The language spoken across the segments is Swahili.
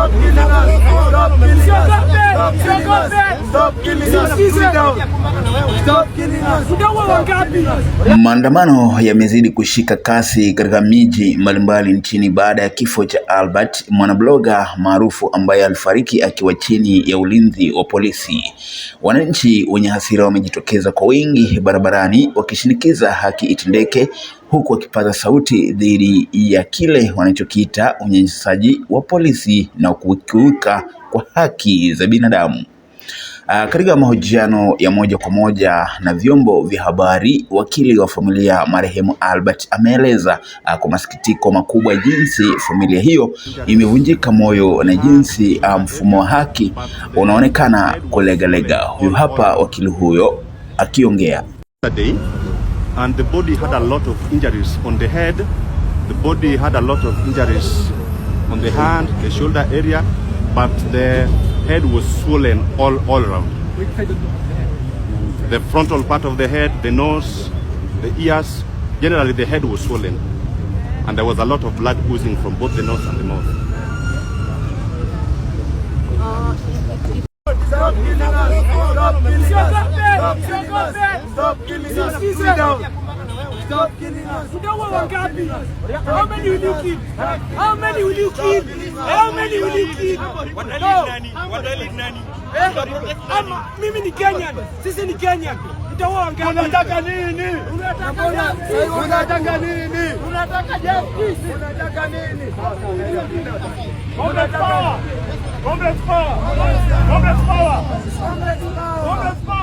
Yok bilemez. Maandamano yamezidi kushika kasi katika miji mbalimbali nchini baada ya kifo cha Albert, mwanabloga maarufu ambaye alifariki akiwa chini ya ulinzi wa polisi. Wananchi wenye hasira wamejitokeza kwa wingi barabarani wakishinikiza haki itendeke huku wakipaza sauti dhidi ya kile wanachokiita unyanyasaji wa polisi na kukiuka kwa haki za binadamu. Ah, katika mahojiano ya moja kwa moja na vyombo vya habari, wakili wa familia marehemu Albert ameeleza ah, kwa masikitiko makubwa jinsi familia hiyo imevunjika moyo na jinsi ah, mfumo wa haki unaonekana kulegalega. Huyu hapa wakili huyo akiongea. but the head was swollen all, all around. The frontal part of the head, the nose, the ears, generally the head was swollen. And there was a lot of blood oozing from both the nose and the mouth. Stop killing us! Stop killing us! Stop killing us! Stop killing us. You know what Wangapi? How many will you keep? How many will you keep? How many will you keep? No. What are you I'm, Mimi ni Kenyan. This is ni Kenyan. Mtaua Wangapi? Unataka nini? Unataka nini? Unataka justice. Unataka nini? Combat power. Combat power. Combat power. Combat power.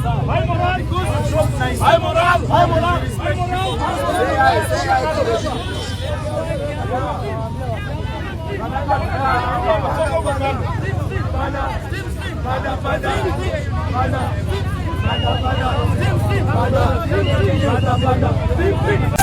Hay moral! Hay moral! Hay moral! Hay moral! Pada, pada, pada, pada, pada,